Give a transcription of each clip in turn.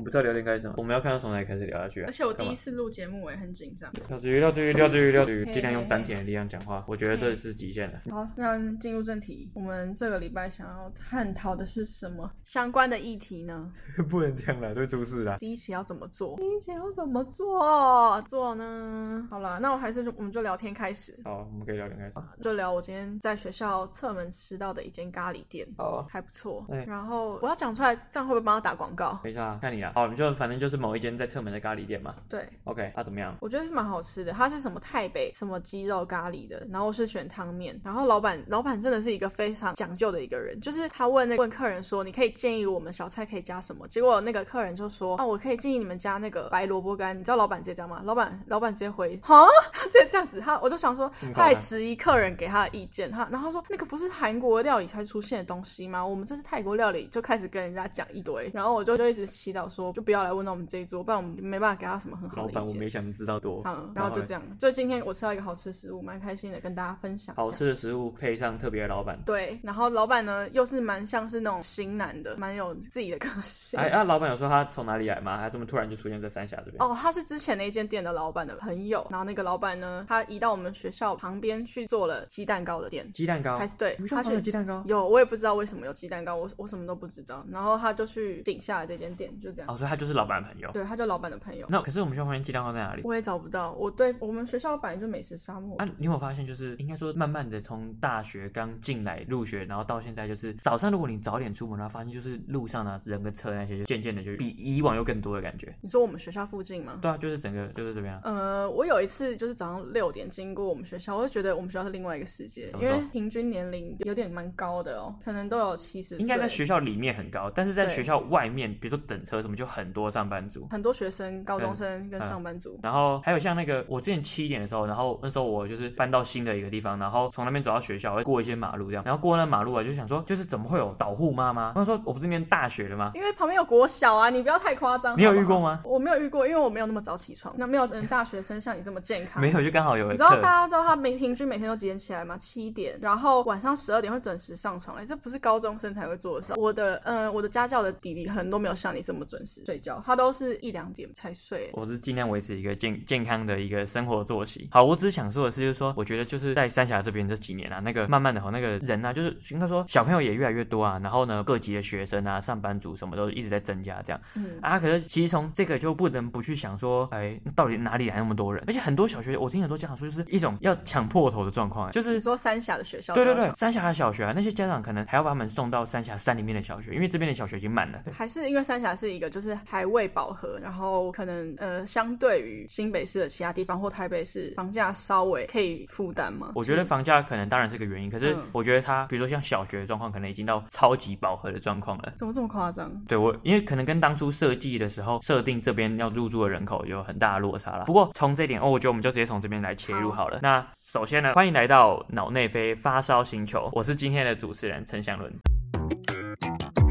我不知道聊天開始嗎，我們要看到從哪裡開始聊下去，啊、而且我第一次錄節目，也很緊張。釣魚嘛，釣魚，釣魚，釣魚，盡量用丹田的力量講話，hey, hey. 我覺得這也是極限的。Hey. 好，那進入正題，我們這個禮拜想要探討的是什麼相關的議題呢？ 不能這樣了，會出事的。第一期要怎麼做？第一期要怎麼做做呢？好啦，那我還是就我們就聊天開始。好，我們可以聊天開始。就聊我今天在學校側門吃到的一間咖喱店，哦、啊，還不錯。欸、然後我要講出來，這樣會不會幫他打廣告？等一下 看你啊。好、哦，你就反正就是某一間在側門的咖喱店嘛。對，OK，他、啊、怎麼樣？我覺得是蠻好吃的。它是什麼泰北什麼雞肉咖喱的，然後是選湯麵。然後老闆，老闆真的是一個非常講究的一個人，就是他問那個、問客人說，你可以建議我們小菜可以加什麼？結果那個客人就說，啊、哦，我可以建議你們加那個白蘿蔔乾。你知道老闆直接講嗎？老闆，老闆直接回，哈，直 接這樣子他，他我就想說，他還質疑客人給他的意見，他然後他說那個不是韓國料理才出現的東西嗎？我們這是泰國料理，就開始跟人家講一堆。然後我就就一直祈禱說。就不要來問到我們這一桌，不然我們沒辦法給他什麼很好的意見。老板，我沒想知道多。嗯，oh, 然後就這樣。所以，oh, 今天我吃到一個好吃的食物，蠻開心的，跟大家分享。好吃的食物配上特別的老板。對，然後老板呢，又是蠻像是那種型男的，蠻有自己的個性。哎那，啊、老板有說他從哪裡來嗎？他怎麼突然就出現在三峽這邊？哦，他是之前那間店的老板的朋友，然後那個老板呢，他移到我們學校旁邊去做了雞蛋糕的店。雞蛋糕？還是對？學校有雞蛋糕？有，我也不知道為什麼有雞蛋糕，我我什麼都不知道。然後他就去頂下了這間店，就這樣。哦、所以他就是老闆的朋友，對，他就老闆的朋友。那可是我們學校旁邊計量號在哪裡？我也找不到。我對我們學校本來就美食沙漠。那、啊、你有沒有發現就是，應該說慢慢的從大學剛進來入學，然後到現在就是早上，如果你早點出門，然後發現就是路上呢、啊、人跟車那些，就漸漸的就比以往又更多的感覺。你說我們學校附近嗎？對啊，就是整個就是怎麼樣。呃，我有一次就是早上六點經過我們學校，我就覺得我們學校是另外一個世界，因為平均年齡有點蠻高的哦，可能都有七十歲，應該在學校裡面很高，但是在學校外面，對比如說等車什麼。就很多上班族，很多學生，高中生跟上班族，嗯嗯嗯、然後還有像那個我之前七點的時候，然後那時候我就是搬到新的一個地方，然後從那邊走到學校，會過一些馬路這樣，然後過那馬路啊，就想說，就是怎麼會有導護媽媽？他們說，我不是念大學的嗎？因為旁邊有國小啊，你不要太誇張。你有遇過嗎？好好我沒有遇過，因為我沒有那麼早起床，那沒有嗯，大學生像你這麼健康， 沒有就剛好有人。你知道大家知道他平平均每天都幾點起來嗎？七點，然後晚上十二點會準時上床，哎、欸，這不是高中生才會做的事。我的嗯、呃，我的家教的弟弟很多沒有像你這麼準時。睡覺，他都是一兩點才睡。我是盡量維持一個健健康的一個生活作息。好，我只想說的是，就是說，我覺得就是在三峽這邊這幾年啊，那個慢慢的哈，那個人啊，就是應該說小朋友也越來越多啊，然後呢，各級的學生啊，上班族什麼都一直在增加這樣。嗯、啊，可是其實從這個就不能不去想說，哎，到底哪裡來那麼多人？而且很多小學，我聽很多家長說，就是一種要搶破頭的狀況，欸，就是說三峽的學校。對對對，三峽的小學啊，那些家長可能還要把他們送到三峽山裡面的小學，因為這邊的小學已經滿了。對，還是因為三峽是一個就是。就是還未飽和，然後可能呃，相對於新北市的其他地方或台北市，房價稍微可以負擔嗎？我覺得房價可能當然是個原因，可是我覺得它，比如說像小學的狀況，可能已經到超級飽和的狀況了。怎麼這麼誇張？對我，因為可能跟當初設計的時候設定這邊要入住的人口有很大的落差了。不過從這一點哦，我覺得我們就直接從這邊來切入好了。好，那首先呢，歡迎來到腦內啡發燒星球，我是今天的主持人陳庠綸。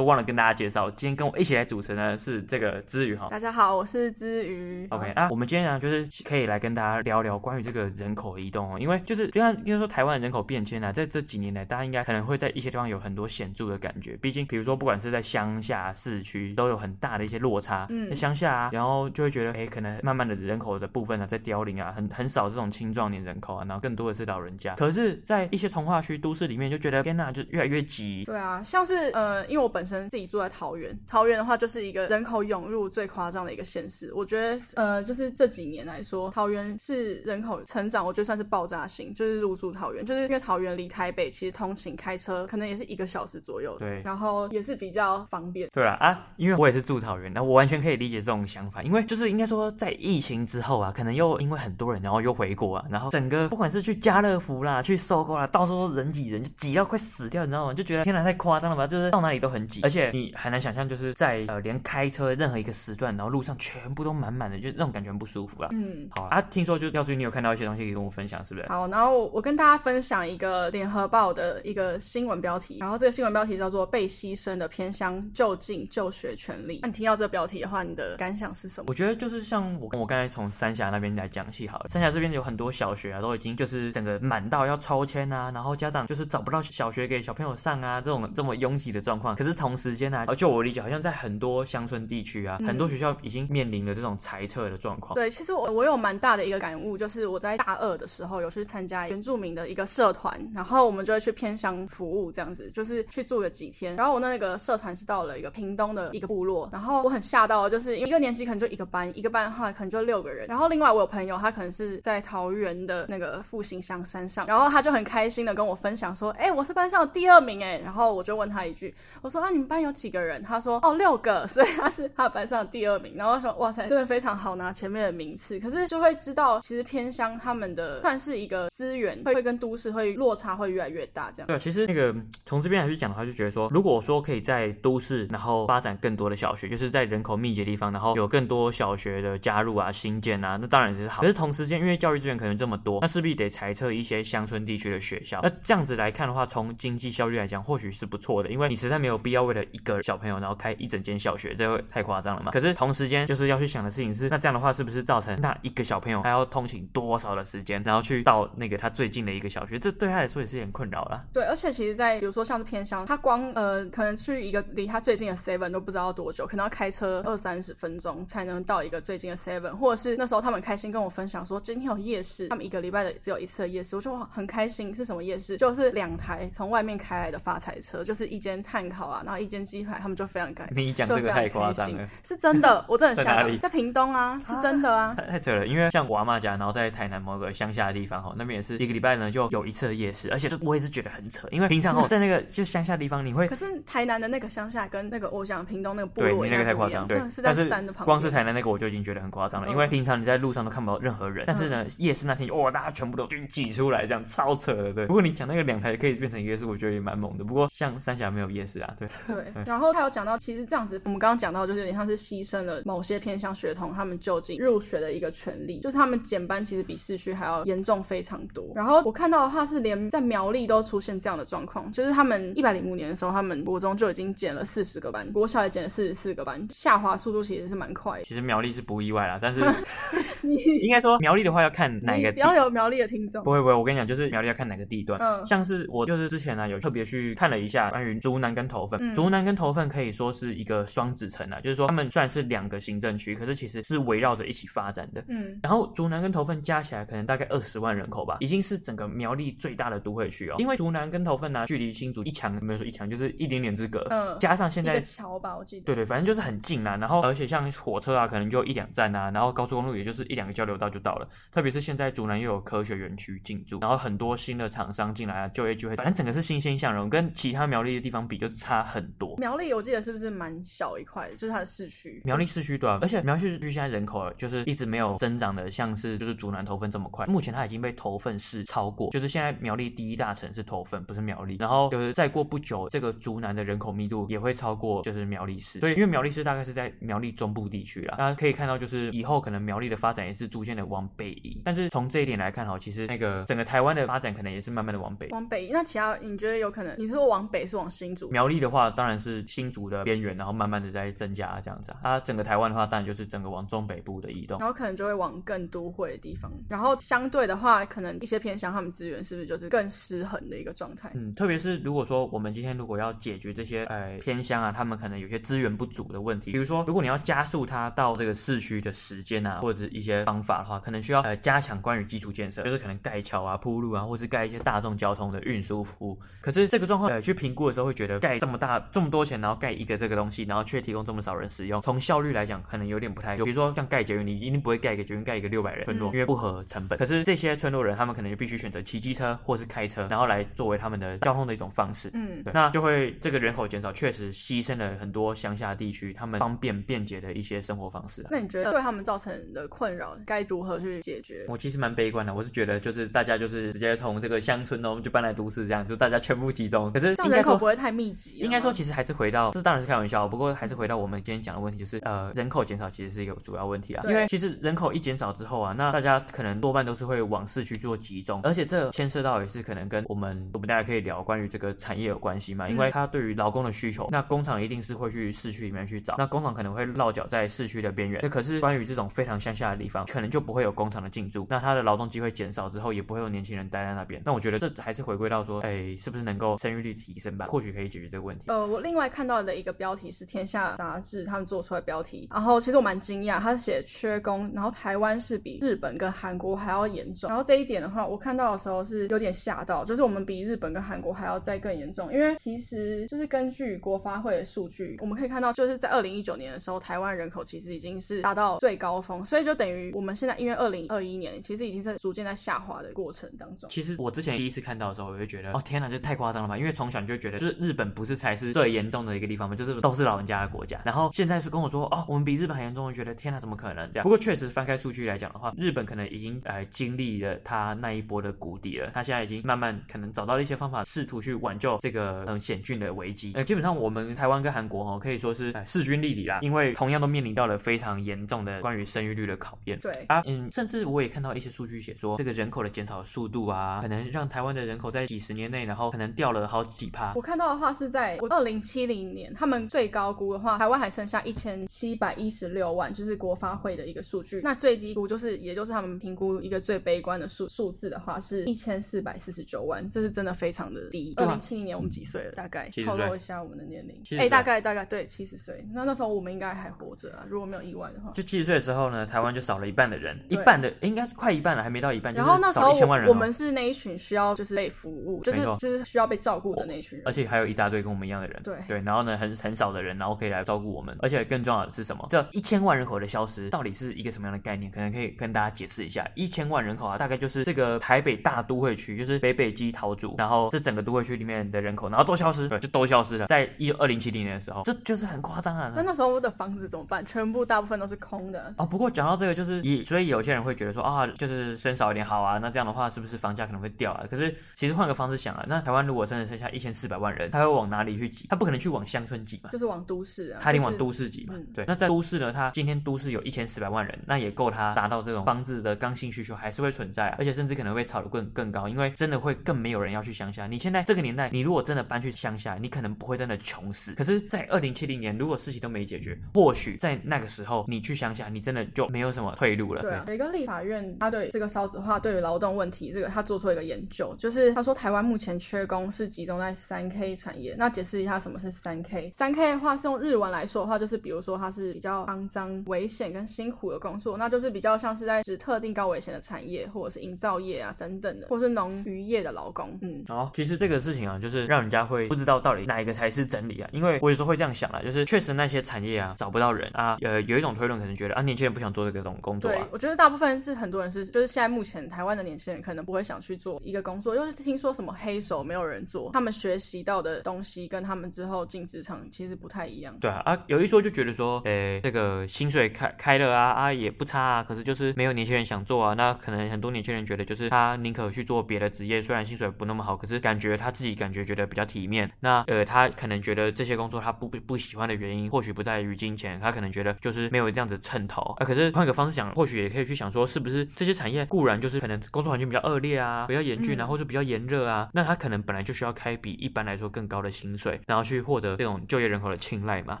都忘了跟大家介紹，今天跟我一起來主持呢，是這個姿瑜哈，余哦、大家好，我是姿瑜。OK、哦、啊，我們今天呢、啊、就是可以來跟大家聊聊關於這個人口移動哦，因為就是就像應該說台灣人口變遷呢、啊，在這幾年來，大家應該可能會在一些地方有很多顯著的感覺，畢竟比如說不管是在鄉下、市區都有很大的一些落差。嗯，在鄉下啊，然後就會覺得哎、欸，可能慢慢的人口的部分呢、啊、在凋零啊，很很少這種青壯年人口啊，然後更多的是老人家。可是，在一些從化區都市裡面，就覺得天吶，就越來越擠。對啊，像是呃，因為我本身，自己住在桃園，桃園的話就是一個人口湧入最誇張的一個縣市。我覺得，呃，就是這幾年來說，桃園是人口成長，我覺得算是爆炸性，就是入住桃園，就是因為桃園離台北其實通勤開車可能也是一個小時左右，對，然後也是比較方便。對啊，啊，因為我也是住桃園，那我完全可以理解這種想法，因為就是應該說在疫情之後啊，可能又因為很多人然後又回國啊，然後整個不管是去家樂福啦，去收購啦，到處人擠人，就擠到快死掉，你知道嗎？就覺得天哪太誇張了吧，就是到哪裡都很擠。而且你很難想象，就是在呃連開車任何一個時段，然後路上全部都滿滿的，就那種感覺很不舒服啦、啊、嗯，好啊，啊，聽說就要注意，你有看到一些東西可以跟我分享，是不是？好，然後我，我跟大家分享一個聯合報的一個新聞標題，然後這個新聞標題叫做《被犧牲的偏鄉就近就學權利》。那你聽到這個標題的話，你的感想是什麼？我覺得就是像我我剛才從三峽那邊來講起，好了，三峽這邊有很多小學啊，都已經就是整個滿到要抽籤啊，然後家長就是找不到小學給小朋友上啊，這種這麼擁擠的狀況，可是從同時間來、啊，而就我理解，好像在很多鄉村地區啊，嗯、很多學校已經面臨了這種裁撤的狀況。對，其實我我有蠻大的一個感悟，就是我在大二的時候有去參加原住民的一個社團，然後我們就會去偏鄉服務這樣子，就是去住了幾天。然後我那個社團是到了一個屏東的一個部落，然後我很嚇到，就是因為一個年級可能就一個班，一個班的話可能就六個人。然後另外我有朋友，他可能是在桃園的那個復興鄉山上，然後他就很開心的跟我分享說：“哎、欸，我是班上第二名。”哎，然後我就問他一句，我說：“啊，你？”班有幾個人？他說，哦，六個，所以他是他班上的第二名。然後他說哇塞，真的非常好拿前面的名次。可是就會知道，其實偏鄉他們的算是一個資源，會會跟都市會落差會越來越大這樣。對，其實那個從這邊來去講的話，就覺得說，如果說可以在都市然後發展更多的小學，就是在人口密集的地方，然後有更多小學的加入啊、新建啊，那當然也是好。可是同時間，因為教育資源可能這麼多，那勢必得裁撤一些鄉村地區的學校。那這樣子來看的話，從經濟效率來講，或許是不錯的，因為你實在沒有必要。為了一個小朋友，然後開一整間小學，這會太誇張了嘛？可是同時間，就是要去想的事情是，那這樣的話是不是造成那一個小朋友他要通勤多少的時間，然後去到那個他最近的一個小學？這對他來說也是有點困擾了。對，而且其實在，在比如說像是偏鄉，他光呃，可能去一個離他最近的 seven 都不知道多久，可能要開車二三十分鐘才能到一個最近的 seven，或者是那時候他們很開心跟我分享說，今天有夜市，他們一個禮拜的只有一次的夜市，我就很開心。是什麼夜市？就是兩台從外面開來的發財車，就是一間碳烤啊，那。一間雞排，他們就非常開心。你講這個太誇張了，是真的，我真的嚇到。 在哪裡？在屏東啊，是真的啊。啊太，太扯了，因為像我阿媽家，然後在台南某個鄉下的地方哈，那邊也是一個禮拜呢就有一次的夜市，而且就我也是覺得很扯，因為平常哦，在那個就鄉下的地方你會、嗯、可是台南的那個鄉下跟那個我想屏東那個對，你那個太誇張，對，是在山的旁邊。是光是台南那個我就已經覺得很誇張了，因為平常你在路上都看不到任何人，嗯、但是呢夜市那天就哇大家全部都擠出來，這樣超扯的。對，不過你講那個兩台可以變成一個夜市，我覺得也蠻猛的。不過像三峽沒有夜市啊，對。對，然後他有講到，其實這樣子，我們剛剛講到，就是有點像是犧牲了某些偏向學童，他們就近入學的一個權利，就是他們減班其實比市區還要嚴重非常多。然後我看到的話是，連在苗栗都出現這樣的狀況，就是他們一百零五年的時候，他們國中就已經減了四十個班，國小也減了四十四個班，下滑速度其實是蠻快的。其實苗栗是不意外啦，但是 你 應該說苗栗的話要看哪一個地，不要有苗栗的聽眾，不會不會，我跟你講，就是苗栗要看哪個地段，嗯，像是我就是之前呢、啊、有特別去看了一下關於竹南跟頭份。嗯。竹南跟頭份可以說是一個雙子城啊，就是說他們算是兩個行政區，可是其實是圍繞着一起發展的。嗯。然後竹南跟頭份加起來可能大概二十萬人口吧，已經是整個苗栗最大的都會區哦。因為竹南跟頭份呢、啊，距離新竹一牆，沒有說一牆，就是一點點之隔。嗯、呃。加上現在橋吧，我記得。對，對對，反正就是很近啊。然後而且像火車啊，可能就一兩站啊。然後高速公路也就是一兩個交流道就到了。特別是現在竹南又有科學園區進駐，然後很多新的廠商進來啊，就業機會，反正整個是欣欣向榮，跟其他苗栗的地方比就是差很。很多苗栗，我記得是不是蠻小一塊的，就是它的市區。苗栗市區對啊，而且苗栗市區現在人口就是一直沒有增長的，像是就是竹南、頭份這麼快。目前它已經被頭份市超過，就是現在苗栗第一大城市頭份，不是苗栗。然後就是再過不久，這個竹南的人口密度也會超過，就是苗栗市。所以因為苗栗市大概是在苗栗中部地區了，大家可以看到就是以後可能苗栗的發展也是逐漸的往北移。但是從這一點來看哈，其實那個整個台灣的發展可能也是慢慢的往北，往北。那其他你覺得有可能？你說往北是往新竹苗栗的話？當然是新竹的邊緣，然後慢慢的在增加這樣子。啊，它、啊、整個台灣的話，當然就是整個往中北部的移動，然後可能就會往更都會的地方。然後相對的話，可能一些偏鄉他們資源是不是就是更失衡的一個狀態？嗯，特別是如果說我們今天如果要解決這些呃偏鄉啊，他們可能有些資源不足的問題，比如說如果你要加速它到這個市區的時間啊，或者一些方法的話，可能需要呃加強關於基礎建設，就是可能蓋橋啊、鋪路啊，或是蓋一些大眾交通的運輸服務。可是這個狀況呃去評估的時候會覺得蓋這麼大，這麼多錢，然後蓋一個這個東西，然後卻提供這麼少人使用，從效率來講，可能有點不太。比如說像蓋捷運，你一定不會蓋一個捷運，蓋一個六百人村落，嗯、因為不合成本。可是這些村落人，他們可能就必須選擇騎機車或是開車，然後來作為他們的交通的一種方式。嗯，對，那就會這個人口減少，確實犧牲了很多鄉下地區他們方便便捷的一些生活方式。那你覺得對他們造成的困擾該如何去解決？我其實蠻悲觀的，我是覺得就是大家就是直接從這個鄉村哦，就搬來都市這樣，就大家全部集中。可是應該這樣人口不會太密集，應該說。其實還是回到，這當然是開玩笑，不過還是回到我們今天講的問題，就是呃，人口減少其實是一個主要問題啊。因為對其實人口一減少之後啊，那大家可能多半都是會往市區做集中，而且這牽涉到也是可能跟我們我們大家可以聊關於這個產業有關係嘛。因為它對於勞工的需求，那工廠一定是會去市區裡面去找，那工廠可能會落腳在市區的邊緣。那可是關於這種非常鄉下的地方，可能就不會有工廠的進駐，那它的勞動機會減少之後，也不會有年輕人待在那邊。那我覺得這還是回歸到說，哎，是不是能夠生育率提升吧？或許可以解決這個問題。Oh. 我另外看到的一個標題是《天下》雜誌他們做出來的標題，然後其實我蠻驚訝，他寫缺工，然後台灣是比日本跟韓國還要嚴重，然後這一點的話，我看到的時候是有點嚇到，就是我們比日本跟韓國還要再更嚴重，因為其實就是根據國發會的數據，我們可以看到就是在二零一九年的時候，台灣人口其實已經是達到最高峰，所以就等於我們現在因為二零二一年其實已經在逐漸在下滑的過程當中。其實我之前第一次看到的時候，我就覺得哦天哪，就太誇張了吧，因為從小就覺得就是日本不是才是。最嚴重的一個地方嘛，就是都是老人家的國家。然後現在是跟我說哦，我們比日本還嚴重。我覺得天哪，怎麼可能這樣？不過確實翻開數據來講的話，日本可能已經呃經歷了他那一波的谷底了。他現在已經慢慢可能找到了一些方法，試圖去挽救這個很險峻的危機。呃，基本上我們台灣跟韓國哦，可以說是、呃、勢均力敵啦，因為同樣都面臨到了非常嚴重的關於生育率的考驗。對啊，嗯，甚至我也看到一些數據寫說，這個人口的減少速度啊，可能讓台灣的人口在幾十年內，然後可能掉了好幾趴。我看到的話是在我二零七零年，他們最高估的話，台灣還剩下一千七百一十六萬，就是國發會的一個數據。那最低估就是，也就是他們評估一個最悲觀的數數字的話，是一千四百四十九萬，這是真的非常的低。二零七零年我們幾歲了？大概透露、嗯、一下我們的年齡。哎、欸，大概大概對七十歲。那那時候我們應該還活着啊，如果沒有意外的話。就七十歲的時候呢，台灣就少了一半的人，對一半的應該是快一半了，還沒到一半。然後那時候少了一千萬人、哦，我們是那一群需要就是被服務，就是錯就是需要被照顧的那群人，而且還有一大堆跟我們一樣的人。對對，然後呢，很很少的人，然後可以來照顧我們，而且更重要的是什麼？這一千萬人口的消失，到底是一個什麼樣的概念？可能可以跟大家解釋一下，一千萬人口啊，大概就是這個台北大都會區，就是北北基桃組，然後這整個都會區裡面的人口，然後都消失，對，就都消失了，在一二零七零年的時候，這就是很誇張啊。那那時候我的房子怎麼辦？全部大部分都是空的啊。哦，不過講到這個，就是以，所以有些人會覺得說啊，就是生少一點好啊，那這樣的話，是不是房價可能會掉啊？可是其實換個方式想啊，那台灣如果真的剩下一千四百萬人，他會往哪裡去？他不可能去往鄉村擠嘛，就是往都市啊，他得往都市擠嘛。就是、對，那在都市呢？他今天都市有一千四百萬人，那也夠他達到這種房子的剛性需求還是會存在、啊，而且甚至可能會炒得更更高，因為真的會更沒有人要去鄉下。你現在這個年代，你如果真的搬去鄉下，你可能不會真的窮死。可是，在二零七零年，如果事情都沒解決，或許在那個時候，你去鄉下，你真的就沒有什麼退路了。對,啊、對，有一個立法院，他對這個少子化對於勞動問題這個，他做出了一個研究，就是他說，台灣目前缺工是集中在三 K 產業，那解釋。其他什麼是三 K？三 K 的話是用日文來說的話，就是比如說它是比較骯髒、危險跟辛苦的工作，那就是比較像是在指特定高危險的產業，或者是營造業啊等等的，或是農漁業的勞工。嗯，好、哦，其實這個事情啊，就是讓人家會不知道到底哪一個才是真理啊。因為我有時候會這樣想啦，就是確實那些產業啊找不到人啊，呃，有一種推論可能覺得啊年輕人不想做這個種工作、啊。對，我覺得大部分是很多人是，就是現在目前台灣的年輕人可能不會想去做一個工作，又是聽說什麼黑手沒有人做，他們學習到的東西跟。他們之後進職場其實不太一樣，對啊，啊有一說就覺得說，誒這個薪水開開了啊，啊也不差啊，可是就是沒有年輕人想做啊，那可能很多年輕人覺得就是他寧可去做別的職業，雖然薪水不那麼好，可是感覺他自己感覺覺得比較體面。那呃他可能覺得這些工作他不不喜歡的原因，或許不在於金錢，他可能覺得就是沒有這樣子稱頭啊。可是換一個方式想，或許也可以去想說，是不是這些產業固然就是可能工作環境比較惡劣啊，比較嚴峻啊，或、嗯、是比較炎熱啊，那他可能本來就需要開比一般來說更高的薪水。然後去獲得這種就業人口的青睞嘛？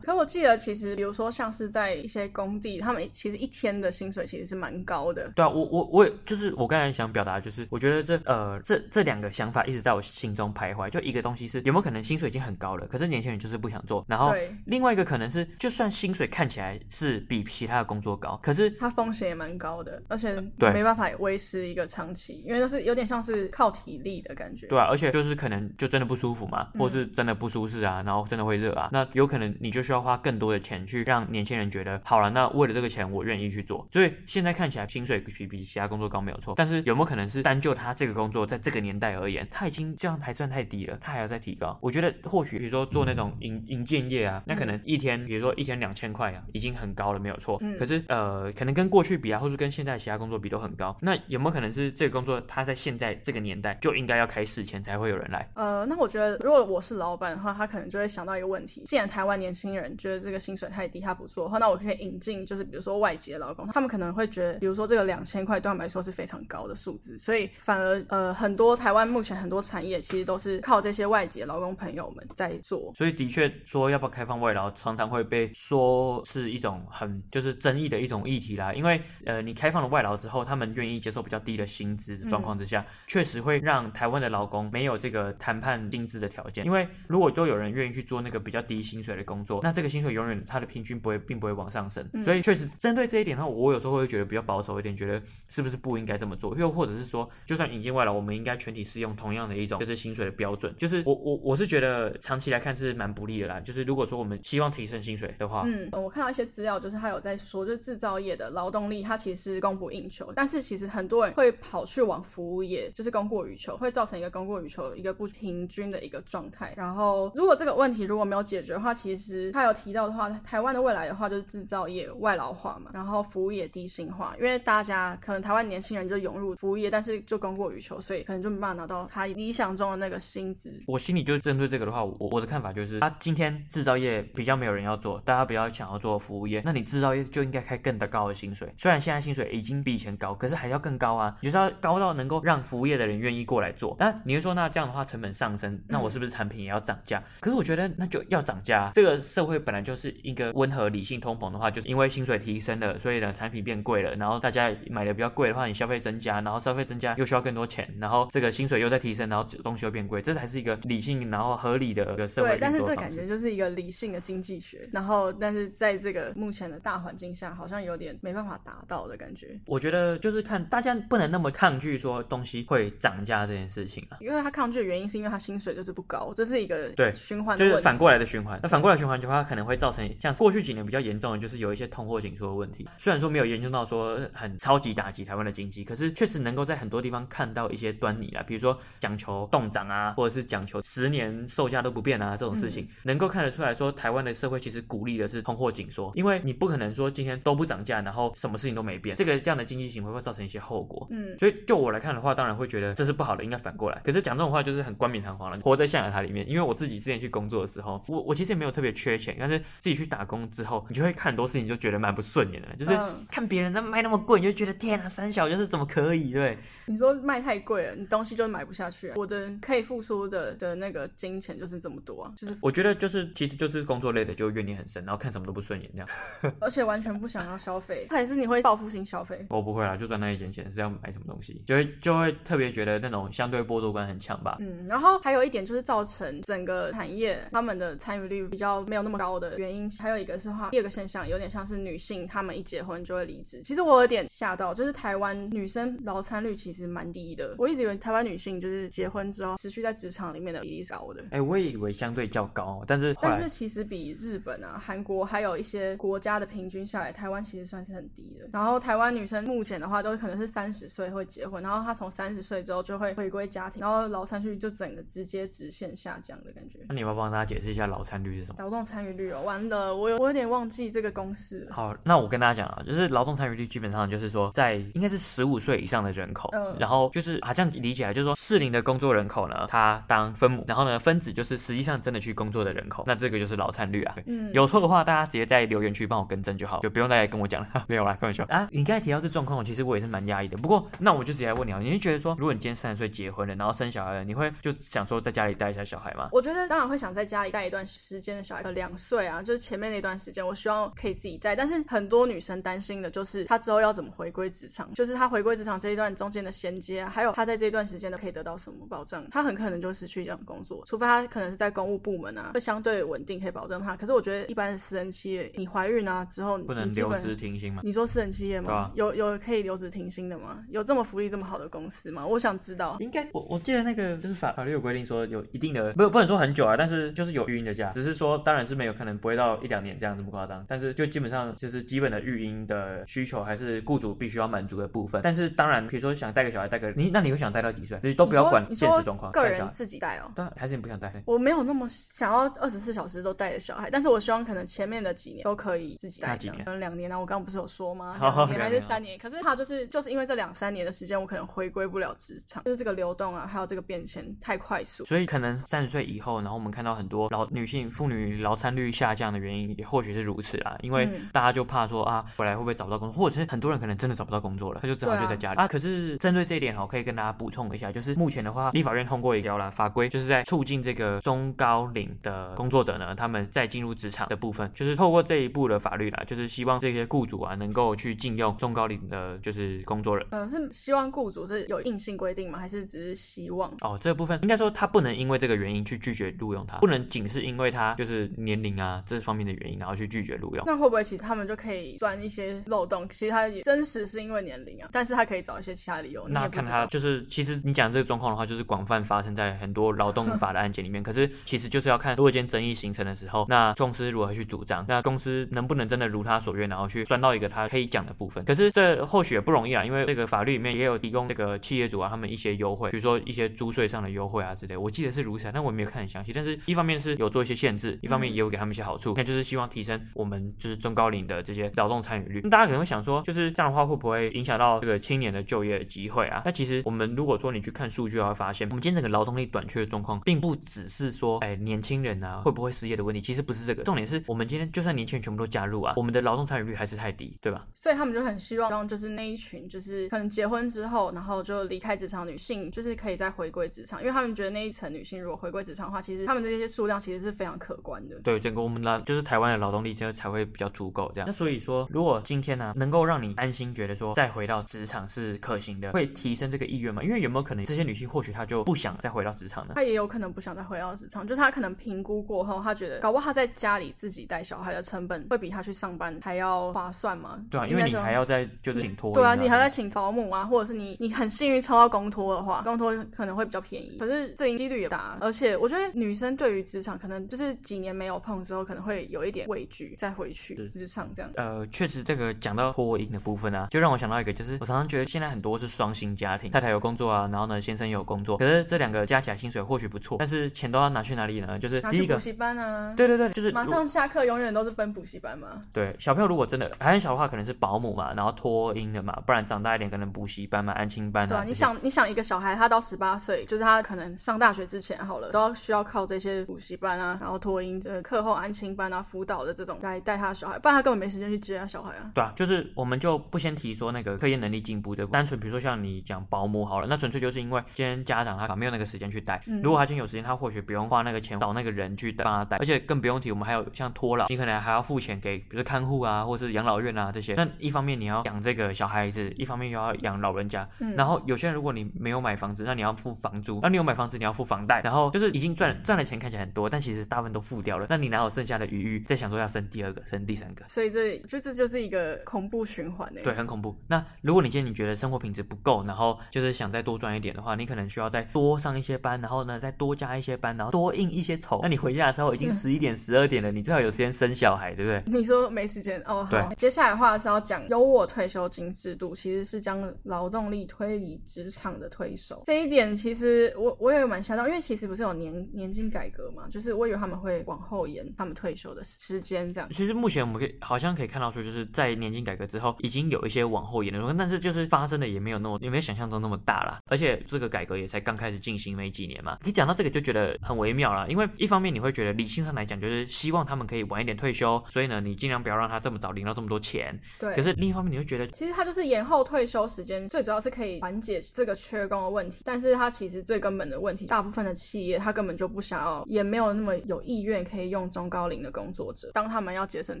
可我記得，其實比如說，像是在一些工地，他們其實一天的薪水其實是蠻高的。對啊，我我我也就是我剛才想表達，就是我覺得這呃這這兩個想法一直在我心中徘徊。就一個東西是有沒有可能薪水已經很高了，可是年輕人就是不想做。然後對另外一個可能是，就算薪水看起來是比其他的工作高，可是它風險也蠻高的，而且對沒辦法維持一個長期，因為就是有點像是靠體力的感覺。對啊，而且就是可能就真的不舒服嘛，或是真的不舒服。嗯是啊，然後真的會熱啊，那有可能你就需要花更多的錢去讓年輕人覺得好了，那為了這個錢我願意去做。所以現在看起來薪水比比其他工作高沒有錯，但是有沒有可能是單就他這個工作在這個年代而言，他已經這樣還算太低了，他還要再提高。我覺得或許比如說做那種營、嗯、營建業啊，那可能一天、嗯、比如說一天兩千塊啊，已經很高了沒有錯。嗯、可是呃，可能跟過去比啊，或是跟現在其他工作比都很高。那有沒有可能是這個工作他在現在這個年代就應該要開四千才會有人來？呃，那我覺得如果我是老闆的話。他可能就會想到一個問題，既然台灣年輕人覺得這個薪水太低，他不做的話，那我可以引進，就是比如說外籍的勞工，他們可能會覺得，比如說這個兩千塊對他們來說是非常高的數字，所以反而呃，很多台灣目前很多產業其實都是靠這些外籍的勞工朋友們在做。所以的確說要不要開放外勞，常常會被說是一種很就是爭議的一種議題啦，因為呃，你開放了外勞之後，他們願意接受比較低的薪資的狀況之下，確、嗯、實會讓台灣的勞工沒有這個談判薪資的條件，因為如果就有人願意去做那個比較低薪水的工作，那這個薪水永遠它的平均不會，並不會往上升，嗯，所以確實針對這一點的話，我有時候會覺得比較保守一點，覺得是不是不應該這麼做？又或者是說，就算引進外勞，我們應該全體適用同樣的一種就是薪水的標準？就是我我我是覺得長期來看是蠻不利的啦。就是如果說我們希望提升薪水的話，嗯，我看到一些資料，就是他有在說，就是製造業的勞動力它其實供不應求，但是其實很多人會跑去往服務業，就是供過於求，會造成一個供過於求一個不平均的一個狀態，然後。如果這個問題如果沒有解決的話，其實他有提到的話，台灣的未來的話就是製造業外勞化嘛，然後服務業低薪化，因為大家可能台灣年輕人就湧入服務業，但是就供過於求，所以可能就沒辦法拿到他理想中的那個薪資。我心裡就針對這個的話，我我的看法就是，啊，今天製造業比較沒有人要做，大家比較想要做服務業，那你製造業就應該開更的高的薪水。雖然現在薪水已經比以前高，可是還要更高啊，就是要高到能夠讓服務業的人願意過來做。那你會說，那這樣的話成本上升，那我是不是產品也要漲價？嗯可是我覺得那就要漲價。這個社會本來就是一個溫和理性通膨的話，就是因為薪水提升了，所以呢產品變貴了，然後大家買的比較貴的話，你消費增加，然後消費增加又需要更多錢，然後這個薪水又在提升，然後東西又變貴，這才是一個理性然後合理的一個社會運作方式。對，但是這感覺就是一個理性的經濟學。然後，但是在這個目前的大環境下，好像有點沒辦法達到的感覺。我覺得就是看大家不能那麼抗拒說東西會漲價這件事情啊，因為他抗拒的原因是因為他薪水就是不高，這是一個對。對循環就是反過來的循環。那反過來的循環的話，可能會造成像過去幾年比較嚴重的，就是有一些通貨緊縮的問題。雖然說沒有嚴重到說很超級打擊台灣的經濟，可是確實能夠在很多地方看到一些端倪啦。比如說講求凍漲啊，或者是講求十年售價都不變啊這種事情，嗯、能夠看得出來說台灣的社會其實鼓勵的是通貨緊縮，因為你不可能說今天都不漲價，然後什麼事情都沒變。這個這樣的經濟行為會造成一些後果。嗯，所以就我來看的話，當然會覺得這是不好的，應該反過來。可是講這種話就是很冠冕堂皇了，活在象牙塔裡面。因為我自己。之前去工作的時候，我我其實也沒有特別缺錢，但是自己去打工之後，你就會看很多事情，就覺得蠻不順眼的，就是看別人那賣那麼貴，你就覺得天啊，三小就是怎麼可以？對，你說賣太貴了，你東西就買不下去了。我的可以付出的的那個金錢就是這麼多，就是我覺得就是其實就是工作累的，就怨念很深，然後看什麼都不順眼這樣，而且完全不想要消費， 還是你會報復性消費？我不會啦，就賺那一點錢是要買什麼東西，就會就會特別覺得那種相對剝奪感很強吧。嗯，然後還有一點就是造成整個。產業他們的參與率比較沒有那麼高的原因，還有一個是話，第二個現象有點像是女性，她們一結婚就會離職。其實我有點嚇到，就是台灣女生勞參率其實蠻低的。我一直以為台灣女性就是結婚之後持續在職場裡面的比例是高的，哎、欸，我也以為相對較高，但是但是其實比日本啊、韓國還有一些國家的平均下來，台灣其實算是很低的。然後台灣女生目前的話，都可能是三十歲會結婚，然後她從三十歲之後就會回歸家庭，然後勞參率就整個直接直線下降的感覺。那你要幫大家解釋一下，勞參率是什麼？勞動參與率哦，完了，我有我有點忘記這個公式。好，那我跟大家講啊，就是勞動參與率基本上就是說，在應該是十五歲以上的人口，嗯、然後就是好像、啊、理解啊，就是說適齡的工作人口呢，他當分母，然後呢，分子就是實際上真的去工作的人口，那這個就是勞參率啊。嗯，有錯的話大家直接在留言區幫我更正就好，就不用再跟我講了、啊，沒有啊，開玩笑啊。你剛才提到這狀況，其實我也是蠻壓抑的。不過那我就直接來問你啊，你是覺得說，如果你今天三十歲結婚了，然後生小孩了，你會就想說在家裡帶一下小孩嗎？我覺得。當然會想在家裡帶一段時間的小孩，呃，兩歲啊，就是前面那段時間，我希望可以自己帶。但是很多女生擔心的就是她之後要怎麼回歸職場，就是她回歸職場這一段中間的銜接啊，還有她在這一段時間都可以得到什麼保證。她很可能就失去這樣工作，除非她可能是在公務部門啊，會相對穩定，可以保證她。可是我覺得一般私人企業，你懷孕啊之後你，你不能留職停薪嗎？你說私人企業嗎？啊，有有可以留職停薪的嗎？有這麼福利這麼好的公司嗎？我想知道。應該我我記得那個就是法法律有規定說有一定的不不能說很久久啊，但是就是有育嬰的假，只是說當然是沒有，可能不會到一兩年這樣這麼誇張。但是就基本上就是基本的育嬰的需求，還是雇主必須要滿足的部分。但是當然，比如說想帶個小孩個，帶個你，那你又想帶到幾歲？都不要管現實狀況，你你個人自己帶哦。但還是你不想帶？我沒有那麼想要二十四小時都帶着小孩，但是我希望可能前面的幾年都可以自己帶幾年，可能兩年啊。我剛剛不是有說嗎？兩年還是三年？Oh, okay. 可是他就是就是因為這兩三年的時間，我可能回歸不了職場，就是這個流動啊，還有這個變遷太快速，所以可能三十歲以後呢。然後我們看到很多老女性、婦女勞參率下降的原因，也或許是如此啊，因為大家就怕說啊，回來會不會找不到工作，或者是很多人可能真的找不到工作了，他就只好就在家裡啊。可是針對這一點哈、喔，可以跟大家補充一下，就是目前的話，立法院通過一條啦法規，就是在促進這個中高齡的工作者呢，他們在進入職場的部分，就是透過這一步的法律啦，就是希望這些雇主啊能夠去進用中高齡的，就是工作人。嗯，是希望雇主是有硬性規定嗎？還是只是希望？哦，這部分應該說他不能因為這個原因去拒絕。錄用，他不能僅是因為他就是年齡啊這方面的原因，然後去拒絕錄用。那會不會其實他們就可以鑽一些漏洞？其實他也真實是因為年齡啊，但是他可以找一些其他理由。那看他就是，其實你講這個狀況的話，就是廣泛發生在很多勞動法的案件裡面。可是其實就是要看，如果間爭議形成的時候， 那公司如何去主張？那公司能不能真的如他所願，然後去鑽到一個他可以講的部分？可是這或許也不容易啊，因為這個法律裡面也有提供這個企業主啊，他們一些優惠，比如說一些租稅上的優惠啊之類。我記得是如此，但我沒有看一下。但是，一方面是有做一些限制，一方面也有給他們一些好處，那、嗯、就是希望提升我們就是中高齡的這些勞動參與率。那大家可能會想說，就是這樣的話會不會影響到這個青年的就業的機會啊？那其實我們如果說你去看數據，會發現我們今天整個勞動力短缺的狀況，並不只是說哎年輕人啊會不會失業的問題，其實不是這個，重點是我們今天就算年輕人全部都加入啊，我們的勞動參與率還是太低，對吧？所以他們就很希望，就是那一群就是可能結婚之後，然後就離開職場女性，就是可以再回歸職場，因為他們覺得那一層女性如果回歸職場的話。其實他們這些數量其實是非常可觀的，對整個我們啦，就是台灣的勞動力就才會比較足夠這樣。那所以說，如果今天呢、啊、能夠讓你安心覺得說再回到職場是可行的，會提升這個意願嗎？因為有沒有可能這些女性或許她就不想再回到職場呢？她也有可能不想再回到職場，就是她可能評估過後，她覺得搞不好她在家裡自己帶小孩的成本會比她去上班還要划算嗎？對啊，因為你還要再就是你請托、啊，對啊，你還在請保姆啊，對或者是你你很幸運抽到公托的話，公托可能會比較便宜，可是這幾率也大，而且我覺得。女生對於職場可能就是幾年沒有碰之後，可能會有一點畏懼，再回去職場這樣。呃，確實，這個講到托育的部分呢、啊，就讓我想到一個，就是我常常覺得現在很多是雙薪家庭，太太有工作啊，然後呢先生也有工作，可是這兩個加起來薪水或許不錯，但是錢都要拿去哪裡呢？就是第一個補習班啊，對對對，就是馬上下課永遠都是奔補習班嘛。對，小朋友如果真的還很小的話，可能是保姆嘛，然後托育的嘛，不然長大一點可能補習班嘛，安親班啊。對啊，些你想你想一個小孩，他到十八歲，就是他可能上大學之前好了，都要需要。靠這些補習班啊，然後托嬰呃課後安親班啊輔導的這種來帶他的小孩，不然他根本沒時間去接他小孩啊。對啊，就是我們就不先提說那個課業能力進步的，單純比如說像你講保姆好了，那純粹就是因為今天家長他沒有那個時間去帶，嗯、如果他今天有時間，他或許不用花那個錢找那個人去幫他帶，嗯、而且更不用提我們還有像托老，你可能還要付錢給比如看護啊，或者是養老院啊這些。那一方面你要養這個小孩子，一方面又要養老人家，嗯、然後有些人如果你沒有買房子，那你要付房租，那你有買房子，你要付房貸，然後就是已經賺了。賺的錢看起來很多，但其實大部分都付掉了。那你哪有剩下的餘裕，再想說要生第二個、生第三個，所以這就這就是一個恐怖循環誒、欸。對，很恐怖。那如果你今天你覺得生活品質不夠，然後就是想再多賺一點的話，你可能需要再多上一些班，然後呢再多加一些班，然後多應一些酬。那你回家的時候已經十一點、十二、嗯、點了，你最好有時間生小孩，對不對？你說沒時間哦？對好。接下來的話是要講，有我退休金制度其實是將勞動力推離職場的推手。這一點其實我我也蠻想到，因為其實不是有年年。年金改革嘛，就是我以為他們會往後延他們退休的時間這樣。其實目前我們可以好像可以看到說，就是在年金改革之後，已經有一些往後延的東西，但是就是發生的也沒有那麼，也沒有想象中那麼大了。而且這個改革也才剛開始進行沒幾年嘛。你講到這個就覺得很微妙了，因為一方面你會覺得理性上來講，就是希望他們可以晚一點退休，所以呢你盡量不要讓他這麼早領到這麼多錢。對。可是另一方面你會覺得，其實他就是延後退休時間，最主要是可以緩解這個缺工的問題。但是他其實最根本的問題，大部分的企業他根本就不。不想要，也沒有那麼有意願可以用中高齡的工作者。當他們要節省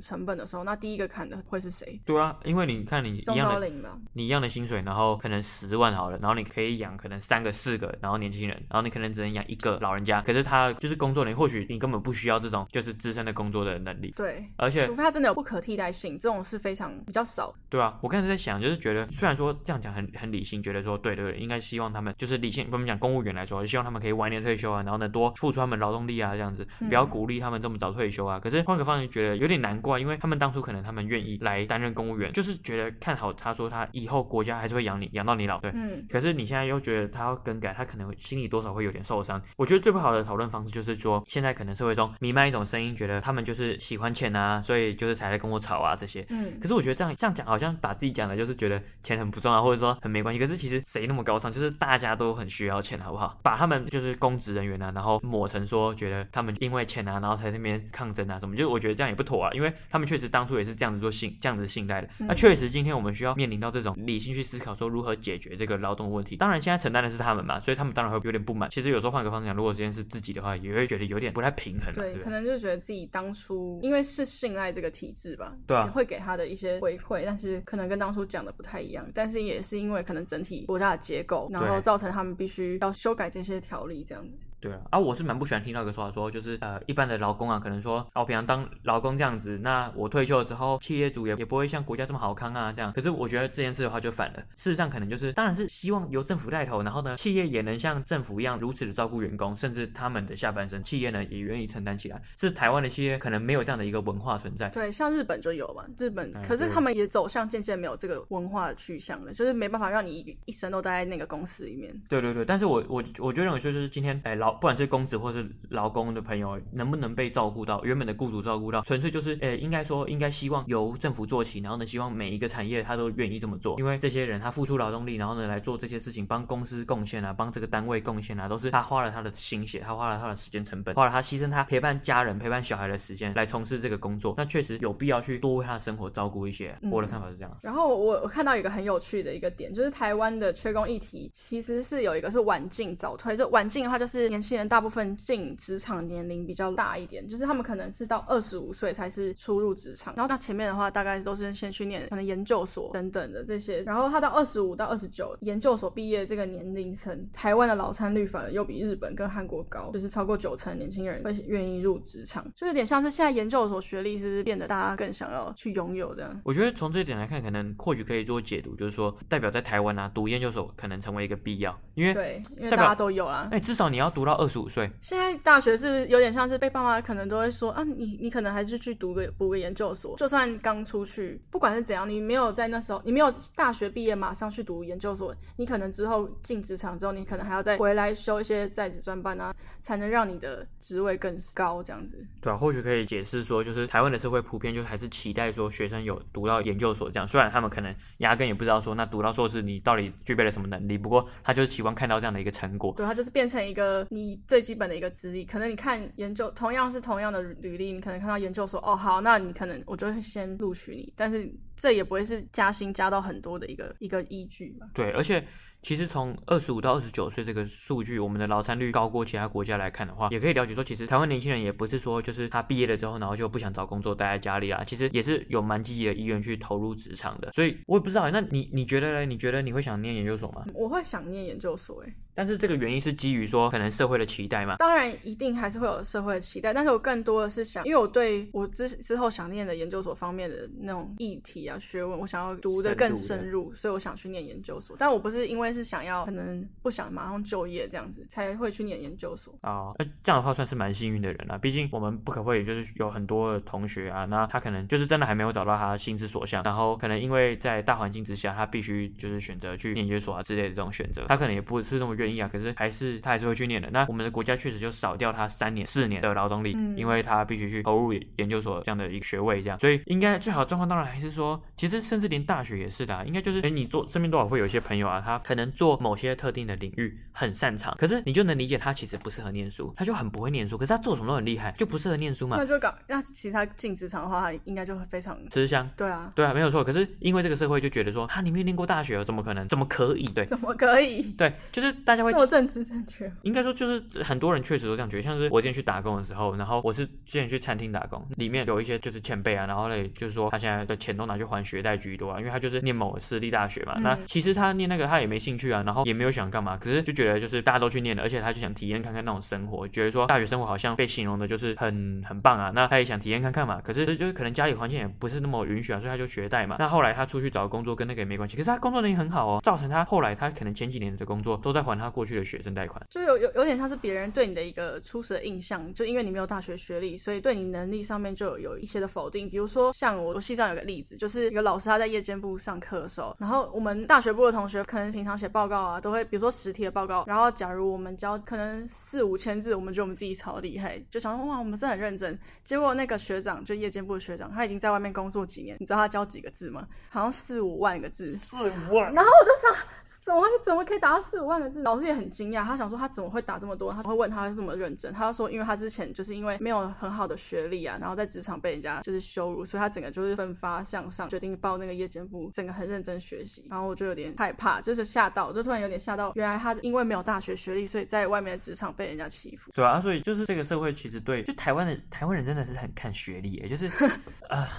成本的時候，那第一個砍的會是誰？對啊，因為你看你一樣的中高齡嘛，你一樣的薪水，然後可能十萬好了，然後你可以養可能三個四個，然後年輕人，然後你可能只能養一個老人家。可是他就是工作人員，或許你根本不需要這種就是資深的工作的能力。對，而且除非他真的有不可替代性，這種是非常比較少。對啊，我剛才在想，就是覺得雖然說這樣講很很理性，覺得說對對對，應該希望他們就是理性，跟我們講公務員來說，希望他們可以晚一點退休啊，然後能多。付出他們勞動力啊，這樣子不要鼓勵他們這麼早退休啊。嗯、可是換個方式覺得有點難過，因為他們當初可能他們願意來擔任公務員，就是覺得看好他說他以後國家還是會養你，養到你老。對，嗯。可是你現在又覺得他要更改，他可能心裡多少會有點受傷。我覺得最不好的討論方式就是說，現在可能社會中彌漫一種聲音，覺得他們就是喜歡錢啊，所以就是才來跟我吵啊這些。嗯。可是我覺得這樣這樣講好像把自己講的就是覺得錢很不重要、啊，或者說很沒關係。可是其實誰那麼高尚？就是大家都很需要錢，好不好？把他們就是公職人員呢、啊，然後。抹成說，覺得他們因為錢啊，然後才那邊抗爭啊什麼，就我覺得這樣也不妥啊，因為他們確實當初也是這樣子做信這樣子信賴的。那確、嗯啊、實，今天我們需要面臨到這種理性去思考，說如何解決這個勞動問題。當然，現在承擔的是他們嘛，所以他們當然會有點不滿。其實有時候換個方向講，如果這件事自己的話，也會覺得有點不太平衡、啊。對，對可能就覺得自己當初因為是信賴這個體制吧，對會給他的一些回饋，但是可能跟當初講的不太一樣。但是也是因為可能整體國家的結構，然後造成他們必須要修改這些條例這樣子。對啊，啊，我是蠻不喜歡聽到一個說法，說就是呃，一般的勞工啊，可能說哦，我平常當勞工這樣子，那我退休的時候，企業主也也不會像國家這麼好康啊，這樣。可是我覺得這件事的話就反了，事實上可能就是，當然是希望由政府帶頭，然後呢，企業也能像政府一樣如此的照顧員工，甚至他們的下半生，企業呢也願意承擔起來。是台灣的企業可能沒有這樣的一個文化存在。對，像日本就有嘛，日本，嗯、可是他們也走向漸漸沒有這個文化的去向了，就是沒辦法讓你一生都待在那個公司裡面。對對對，但是我我我就認為說，就是今天哎勞。不管是公子或是勞工的朋友，能不能被照顧到，原本的雇主照顧到，純粹就是，呃、欸，應該說應該希望由政府做起，然後呢，希望每一個產業他都願意這麼做，因為這些人他付出勞動力，然後呢來做這些事情，幫公司貢獻啊，幫這個單位貢獻啊，都是他花了他的心血，他花了他的時間成本，花了他犧牲他陪伴家人、陪伴小孩的時間來從事這個工作，那確實有必要去多為他的生活照顧一些。我的看法是這樣。然後我我看到一個很有趣的一個點，就是台灣的缺工議題，其實是有一個是晚進早退，就晚進的話就是年。年輕人大部分進職場年齡比較大一點，就是他們可能是到二十五歲才是初入職場，然後他前面的話大概都是先去念，可能研究所等等的這些，然後他到二十五到二十九，研究所畢業這個年齡層，台灣的勞參率反而又比日本跟韓國高，就是超過九成年輕人會願意入職場，就有點像是現在研究所學歷是不是變得大家更想要去擁有這樣。我覺得從這一點來看，可能或許可以做解讀，就是說代表在台灣啊，讀研究所可能成為一個必要，因為對，因為大家都有啦，哎、欸，至少你要讀。到二十五歲，現在大學是不是有點像是被爸媽可能都會說，啊，你你可能還是去讀個讀個研究所，就算剛出去，不管是怎樣，你沒有在那時候，你沒有大學畢業馬上去讀研究所，你可能之後進職場之後，你可能還要再回來修一些在職專班啊，才能讓你的職位更高這樣子。對啊，或許可以解釋說，就是台灣的社會普遍就還是期待說學生有讀到研究所這樣，雖然他們可能壓根也不知道說那讀到碩士你到底具備了什麼能力，不過他就是期望看到這樣的一個成果。對，他就是變成一個。你最基本的一個資歷，可能你看研究同樣是同樣的履歷，你可能看到研究所哦，好，那你可能我就會先錄取你，但是這也不會是加薪加到很多的一個一個依據嘛。對，而且。其實從二十五到二十九歲這個數據，我們的勞參率高過其他國家來看的話，也可以了解說，其實台灣年輕人也不是說就是他畢業了之後，然後就不想找工作待在家裡啊，其實也是有蠻積極的意願去投入職場的。所以，我也不知道。那你你覺得呢？你覺得你會想念研究所嗎？我會想念研究所哎、欸，但是這個原因是基於說，可能社會的期待嘛。當然，一定還是會有社會的期待，但是我更多的是想，因為我對我之之後想念的研究所方面的那種議題啊、學問，我想要讀得更深入，所以我想去念研究所。但我不是因為。但是想要可能不想馬上就業這樣子，才會去念研究所啊，那、oh, 這樣的話算是蠻幸運的人了，啊。畢竟我們不可會就是有很多同學啊，那他可能就是真的還沒有找到他心之所向，然後可能因為在大環境之下，他必須就是選擇去研究所啊之類的這種選擇，他可能也不是那麼願意啊，可是還是他還是會去念的。那我們的國家確實就少掉他三年四年的勞動力，嗯、因為他必須去投入研究所這樣的一個學位這樣，所以應該最好的狀況當然還是說，其實甚至連大學也是的，啊，應該就是哎、欸、你做身邊多少會有一些朋友啊，他肯。能做某些特定的領域很擅長，可是你就能理解他其實不適合念書，他就很不會念書。可是他做什麼都很厲害，就不適合念書嘛？那就搞，那其他進職場的話，他應該就會非常吃香。對啊，對啊，沒有錯。可是因為這個社會就覺得說，他你沒有念過大學，怎麼可能？怎麼可以？對，怎麼可以？對，就是大家會怎麼政治正確？應該說就是很多人確實都這樣覺得。像是我今天去打工的時候，然後我是之前去餐廳打工，裡面有一些就是前輩啊，然後呢，就是說他現在的錢都拿去還學貸居多啊，因為他就是念某私立大學嘛。嗯、那其實他念那個他也沒。進去啊，然後也沒有想幹嘛，可是就覺得就是大家都去念了，而且他就想體驗看看那種生活，覺得說大學生活好像被形容的就是很很棒啊。那他也想體驗看看嘛，可是就是可能家裡環境也不是那麼允許啊，所以他就學貸嘛。那後來他出去找工作跟那個也沒關係，可是他工作能力很好哦，造成他後來他可能前幾年的工作都在還他過去的學生貸款，就有有有點像是別人對你的一個初始的印象，就因為你沒有大學學歷，所以對你能力上面就有一些的否定。比如說像我我系上有個例子，就是一個老師他在夜間部上課的時候，然後我們大學部的同學可能平常。寫報告啊，都會比如說實體的報告，然後假如我們交可能四五千字，我們覺得我們自己超厲害，就想說哇，我們是很認真。結果那個學長就夜間部的學長，他已經在外面工作幾年，你知道他交幾個字嗎？好像四五萬個字。四五萬。然後我就想，怎麼怎麼可以打到四五萬個字？老師也很驚訝，他想說他怎麼會打這麼多？他會問他會這麼認真。他就說，因為他之前就是因為沒有很好的學歷啊，然後在職場被人家就是羞辱，所以他整個就是奮發向上，決定報那個夜間部，整個很認真學習。然後我就有點害怕，就是下。我就突然有點嚇到，原來他因為沒有大學學歷，所以在外面的職場被人家欺負。對啊，所以就是這個社會其實對，就台灣的台灣人真的是很看學歷，也就是，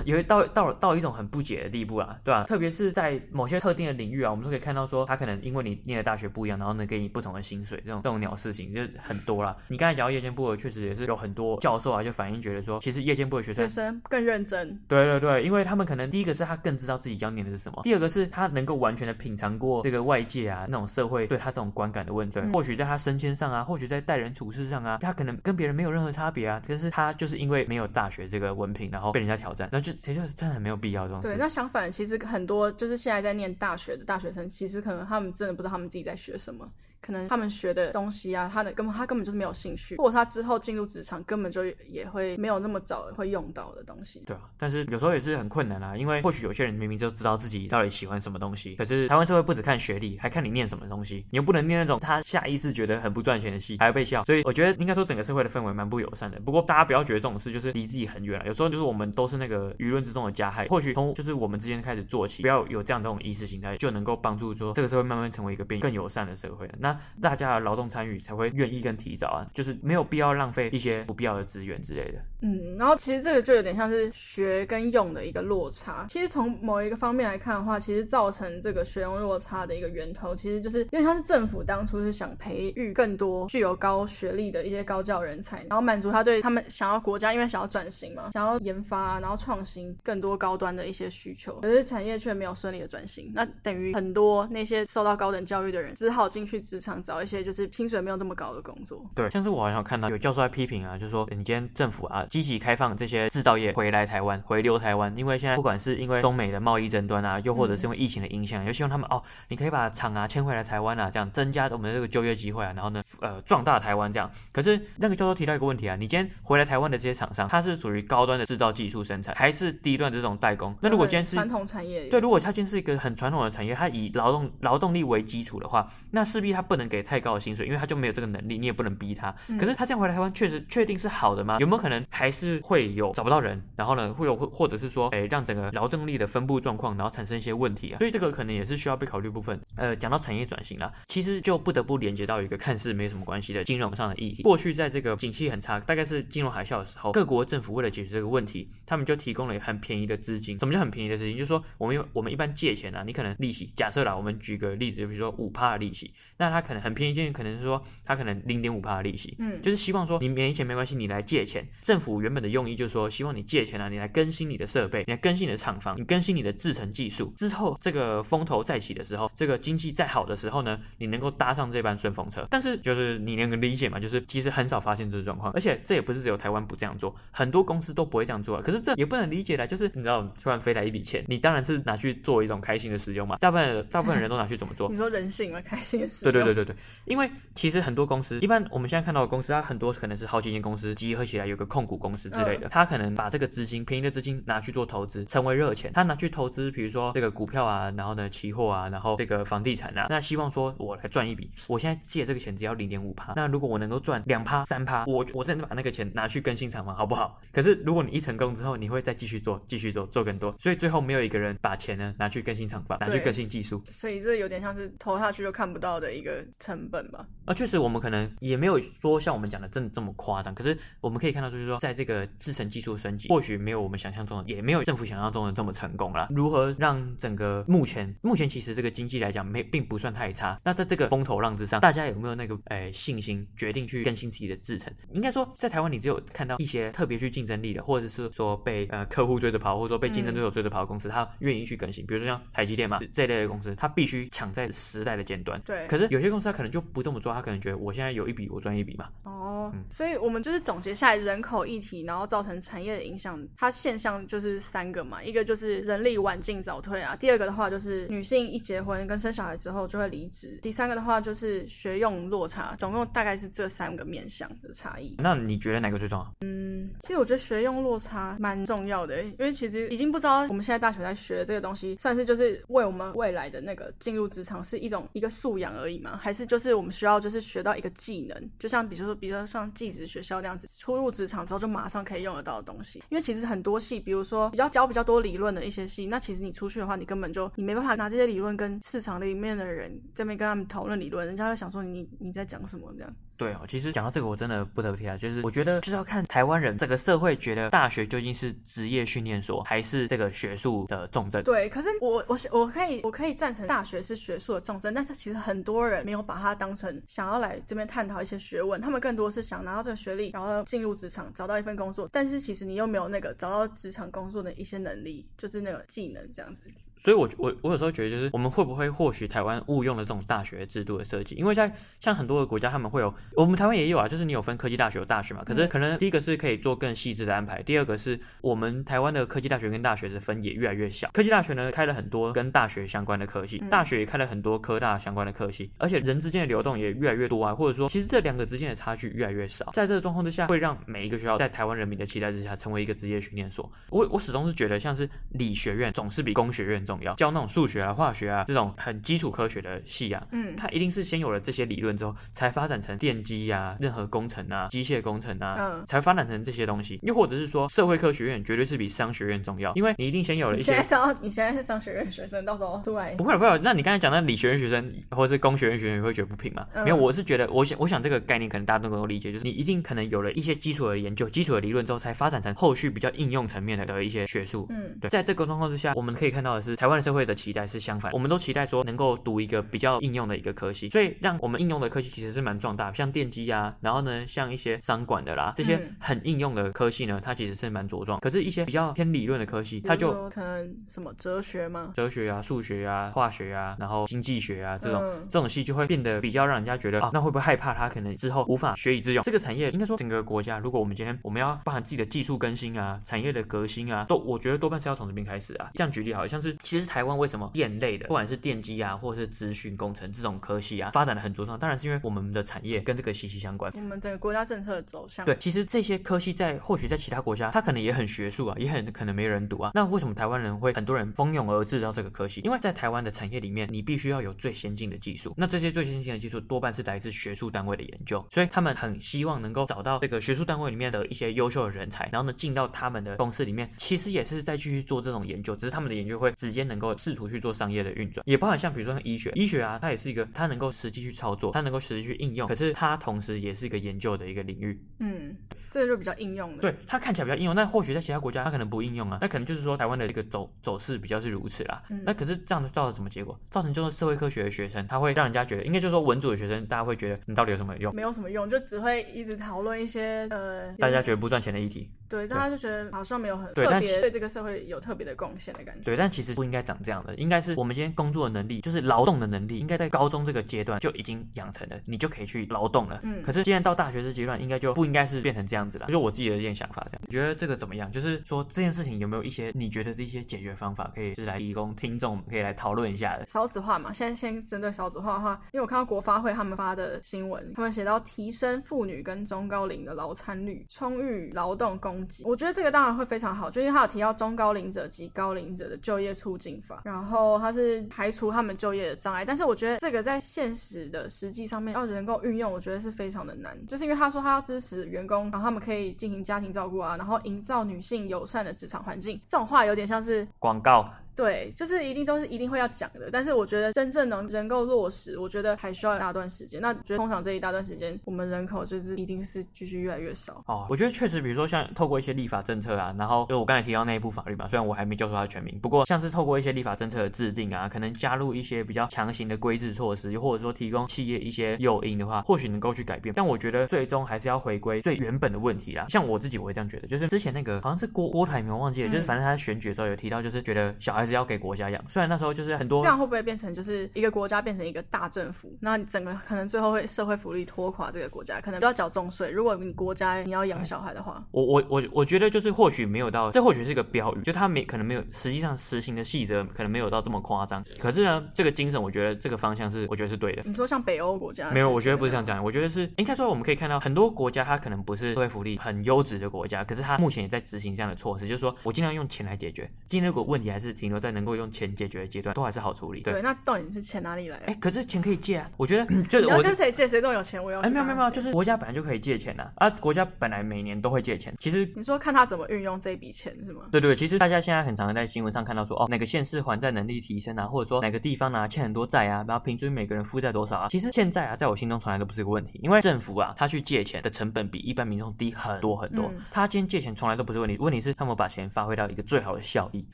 因有、 呃、到到到一種很不解的地步啦、啊，對啊，特別是在某些特定的領域啊，我們都可以看到說，他可能因為你念的大學不一樣，然後能給你不同的薪水，這種這種鳥事情就很多啦。你剛才講到夜間部的，確實也是有很多教授啊，就反映覺得說，其實夜間部的學生學生更認真。對對對，因為他們可能第一個是他更知道自己要念的是什麼，第二個是他能夠完全的品嘗過這個外界。啊，那種社會對他這種觀感的問題，嗯、或許在他升遷上啊，或許在待人處事上啊，他可能跟別人沒有任何差別啊，但是他就是因為沒有大學這個文憑，然後被人家挑戰，那就其實真的很沒有必要這種。對，那相反，其實很多就是現在在念大學的大學生，其實可能他們真的不知道他們自己在學什麼。可能他們學的東西啊，他的根本，他根本就是沒有興趣，或者他之後進入職場根本就也會沒有那麼早會用到的東西。對啊，但是有時候也是很困難啦、啊，因為或許有些人明明就知道自己到底喜歡什麼東西，可是台灣社會不只看學歷，還看你念什麼東西，你又不能念那種他下意識覺得很不賺錢的系，還要被笑，所以我覺得應該說整個社會的氛圍蠻不友善的。不過大家不要覺得這種事就是離自己很遠了，有時候就是我們都是那個輿論之中的加害，或許從就是我們之間開始做起，不要有這樣、這種意識形態，就能夠幫助說這個社會慢慢成為一個變更友善的社會了。那。大家的勞動參與才會願意跟提早啊，就是沒有必要浪費一些不必要的資源之類的。嗯，然後其實這個就有點像是學跟用的一個落差。其實從某一個方面來看的話，其實造成這個學用落差的一個源頭，其實就是因為他是政府當初是想培育更多具有高學歷的一些高教人才，然後滿足他對他們想要國家因為想要轉型嘛，想要研發啊，然後創新更多高端的一些需求，可是產業卻沒有順利的轉型，那等於很多那些受到高等教育的人只好進去只。找一些就是薪水沒有這麼高的工作，對，像是我好像有看到有教授在批評啊，就說你今天政府啊積極開放這些制造業回來台灣回流台灣，因為現在不管是因為中美的貿易爭端啊，又或者是因為疫情的影響，也、嗯、希望他們哦，你可以把廠啊遷回來台灣啊，這樣增加我們的這個就業機會啊，然後呢，呃，壯大台灣這樣。可是那個教授提到一個問題啊，你今天回來台灣的這些廠商，它是屬於高端的制造技術生產，還是低端的這種代工？對那如果今天是傳統產業，對，如果它今天是一個很傳統的產業，它以勞動、嗯、勞動力為基礎的話，那勢必它。不能給太高的薪水，因為他就沒有這個能力，你也不能逼他。可是他這樣回來台灣，確實確定是好的嗎？有沒有可能還是會有找不到人？然後呢，會有或者是說，哎，讓整個勞動力的分布狀況，然後產生一些問題啊？所以這個可能也是需要被考慮部分。呃，講到產業轉型啦，其實就不得不連接到一個看似沒什麼關係的金融上的議題。過去在這個景氣很差，大概是金融海嘯的時候，各國政府為了解決這個問題，他們就提供了很便宜的資金。什麼叫很便宜的資金？就是說我們我們一般借錢啊，你可能利息，假設啦，我們舉個例子，就比如說五趴的利息，那他。他可能很便宜件，可能是說他可能零點五趴的利息，嗯，就是希望說你沒錢沒關係，你來借錢。政府原本的用意就是說，希望你借錢啊，你來更新你的設備，你來更新你的廠房，你更新你的製程技術。之後這個風頭再起的時候，這個經濟再好的時候呢，你能夠搭上這班順風車。但是就是你能理解嘛，就是其實很少發現這個狀況，而且這也不是只有台灣不這樣做，很多公司都不會這樣做。可是這也不能理解的，就是你知道你突然飛來一筆錢，你當然是拿去做一種開心的使用嘛。大部分大部分人都拿去怎麼做？你說人性嘛，開心的使用嘛對對、對。對對對，因為其實很多公司，一般我們現在看到的公司，它很多可能是好幾間公司集合起來，有個控股公司之類的，哦、它可能把這個資金便宜的資金拿去做投資，成為熱錢。它拿去投資，比如說這個股票啊，然後呢期貨啊，然後這個房地產啊，那希望說我來賺一筆。我現在借這個錢只要零點五趴，那如果我能夠賺兩趴三趴，我我再把那個錢拿去更新廠房，好不好？可是如果你一成功之後，你會再繼續做，繼續做，做更多，所以最後沒有一個人把錢呢拿去更新廠房，對拿去更新技術。所以這有點像是投下去就看不到的一個。成本吧，那、啊、確實我們可能也沒有說像我們講的這這麼誇張。可是我們可以看到，就是說，在這個製程技術升級，或許沒有我們想象中的，也沒有政府想象中的這麼成功了。如何讓整個目前目前其實這個經濟來講沒並不算太差。那在這個風頭浪之上，大家有沒有那個誒、呃、信心決定去更新自己的製程？應該說，在台灣，你只有看到一些特別具競爭力的，或者是說被呃客戶追着跑，或者說被競爭對手追着跑的公司，他、嗯、願意去更新。比如說像台積電嘛這一類的公司，他必須搶在時代的尖端。對，可是有。有些公司他可能就不這麼做，他可能覺得我現在有一筆，我賺一筆嘛。哦，oh, 所以我們就是總結下來，人口議題，然後造成產業的影響，它現象就是三個嘛，一個就是人力晚進早退啊，第二個的話就是女性一結婚跟生小孩之後就會離職，第三個的話就是學用落差，總共大概是這三個面向的差異。那你覺得哪個最重要、啊？嗯，其實我覺得學用落差蠻重要的、欸，因為其實已經不知道我們現在大學在學的這個東西，算是就是為我們未來的那個進入職場是一種一個素養而已嘛。還是就是我們需要就是學到一個技能，就像比如說，比如說像技職學校那樣子，初入職場之後就馬上可以用得到的東西。因為其實很多系，比如說比較教比較多理論的一些系，那其實你出去的話，你根本就你沒辦法拿這些理論跟市場裡面的人這邊跟他們討論理論，人家會想說你你在講什麼這樣。對哦，其實講到這個，我真的不得不提啊，就是我覺得就是要看台灣人這個社會覺得大學究竟是職業訓練所，還是這個學術的重鎮。對，可是我我我可以我可以贊成大學是學術的重鎮，但是其實很多人沒有把它當成想要來這邊探討一些學問，他們更多是想拿到這個學歷，然後進入職場找到一份工作。但是其實你又沒有那個找到職場工作的一些能力，就是那個技能這樣子。所以我，我我我有時候覺得，就是我們會不會或許台灣誤用了這種大學制度的設計？因為在像很多的國家，他們會有，我們台灣也有啊，就是你有分科技大學有大學嘛。可是，可能第一個是可以做更細緻的安排，第二個是我們台灣的科技大學跟大學的分也越來越小。科技大學呢開了很多跟大學相關的科系，大學也開了很多科大相關的科系，而且人之間的流動也越來越多啊。或者說，其實這兩個之間的差距越來越少。在這個狀況之下，會讓每一個學校在台灣人民的期待之下，成為一個職業訓練所。我我我始終是覺得，像是理學院總是比工學院。重要，教那種數學啊、化學啊，這種很基礎科學的系啊，嗯，它一定是先有了這些理論之後，才發展成電機啊、任何工程啊、機械工程啊，嗯，才發展成這些東西。又或者是說，社會科學院絕對是比商學院重要，因為你一定先有了一些。你現在，你現在是商學院學生，到時候，對，不會不會。那你剛才講到理學院學生或者是工學院學生，你會覺得不平嗎？嗯、沒有，我是覺得我想我想這個概念可能大家都能夠理解，就是你一定可能有了一些基礎的研究、基礎的理論之後，才發展成後續比較應用層面的一些學術。嗯，對，在這個狀況之下，我們可以看到的是。台灣社會的期待是相反，我們都期待說能夠讀一個比較應用的一個科系，所以讓我們應用的科系其實是蠻壯大，像電機啊，然後呢，像一些商管的啦，這些很應用的科系呢，它其實是蠻茁壯。可是，一些比較偏理論的科系，它就可能什麼哲學嗎？哲學啊，數學啊，化學啊，然後經濟學啊，這種這種系就會變得比較讓人家覺得啊，那會不會害怕他可能之後無法學以致用？這個產業應該說整個國家，如果我們今天我們要包含自己的技術更新啊，產業的革新啊，都我覺得多半是要從這邊開始啊。這樣舉例好了，像是。其實台灣為什麼電類的，不管是電機啊，或是資訊工程這種科系啊，發展的很茁壯，當然是因為我們的產業跟這個息息相關。我們整個國家政策的走向，對，其實這些科系在或許在其他國家，它可能也很學術啊，也很可能沒人讀啊。那為什麼台灣人會很多人蜂擁而至到這個科系？因為在台灣的產業裡面，你必須要有最先進的技術。那這些最先進的技術多半是來自學術單位的研究，所以他們很希望能夠找到這個學術單位裡面的一些優秀的人才，然後呢，進到他們的公司裡面，其實也是在繼續做這種研究，只是他們的研究會直接。也能夠試圖去做商業的運轉，也包含像比如說像醫學，醫學啊，它也是一個，它能夠實際去操作，它能夠實際去應用，可是它同時也是一個研究的一個領域，嗯。這個就比較應用的，對，它看起來比較應用，那或許在其他國家它可能不應用啊，那可能就是說台灣的這個走走勢比較是如此啦。那、嗯、可是這樣造成什麼結果？造成就是社會科學的學生，他會讓人家覺得，應該就是說文組的學生，大家會覺得你到底有什麼用？沒有什麼用，就只會一直討論一些呃大家覺得不賺錢的議題。對，大家對就覺得好像沒有很特別對這個社會有特別的貢獻的感覺對。對，但其實不應該長這樣的，應該是我們今天工作的能力，就是勞動的能力，應該在高中這個階段就已經養成了，你就可以去勞動了。嗯。可是既然到大學這階段，應該就不應該是變成這樣。這樣子啦，就是我自己的一件想法，這樣，你覺得這個怎麼樣？就是說這件事情有沒有一些你覺得的一些解決方法，可以是來提供聽眾可以來討論一下的。少子化嘛，現在先針對少子化的話，因為我看到國發會他們發的新聞，他們寫到提升婦女跟中高齡的勞參率，充裕勞動供給。我覺得這個當然會非常好，就是因為他有提到中高齡者及高齡者的就業促進法，然後他是排除他們就業的障礙。但是我覺得這個在現實的實際上面要能夠運用，我覺得是非常的難，就是因為他說他要支持員工，然後。他們可以進行家庭照顧啊，然後營造女性友善的職場環境。這種話有點像是廣告。對，就是一定都是一定會要講的，但是我覺得真正能能夠落實，我覺得還需要一大段時間。那覺得通常這一大段時間，我們人口就是一定是繼續越來越少哦。我覺得確實，比如說像透過一些立法政策啊，然後就我剛才提到那一部法律嘛，雖然我還沒叫出它的全名，不過像是透過一些立法政策的制定啊，可能加入一些比較強行的規制措施，或者說提供企業一些誘因的話，或許能夠去改變。但我覺得最終還是要回歸最原本的問題啦。像我自己，我會這樣覺得，就是之前那個好像是郭郭台銘我忘記了，嗯、就是反正他在選舉的時候有提到，就是覺得小孩。要給國家養，雖然那時候就是很多，這樣會不會變成就是一個國家變成一個大政府？那整個可能最後會社會福利拖垮這個國家，可能都要繳重稅。如果你國家你要養小孩的話，嗯、我我我我覺得就是或許沒有到，這或許是一個標語，就他沒可能沒有，實際上實行的細則可能沒有到這麼誇張。可是呢，這個精神我覺得這個方向是我覺得是對的。你說像北歐國家，沒有，我覺得不是像這樣我覺得是應該、欸、說我們可以看到很多國家，它可能不是社會福利很優質的國家，可是它目前也在執行這樣的措施，就是說我盡量用錢來解決，今天如果問題還是挺留在能夠用錢解決的階段，都還是好處理。對，對，那到底是錢哪裡來？哎、欸，可是錢可以借啊。我覺得，就我要跟誰借，我誰都有錢。我要剛剛哎，沒有沒有沒有，就是國家本來就可以借錢吶、啊。啊，國家本來每年都會借錢。其實你說看他怎麼運用這筆錢是嗎？對對，其實大家現在很常在新聞上看到說，哦，哪個縣市還債能力提升啊，或者說哪個地方啊欠很多債啊，然後平均每個人負債多少啊？其實現在啊，在我心中從來都不是一個問題，因為政府啊，他去借錢的成本比一般民眾低很多很多。嗯、他今天借錢從來都不是問題，問題是他們把錢發揮到一個最好的效益。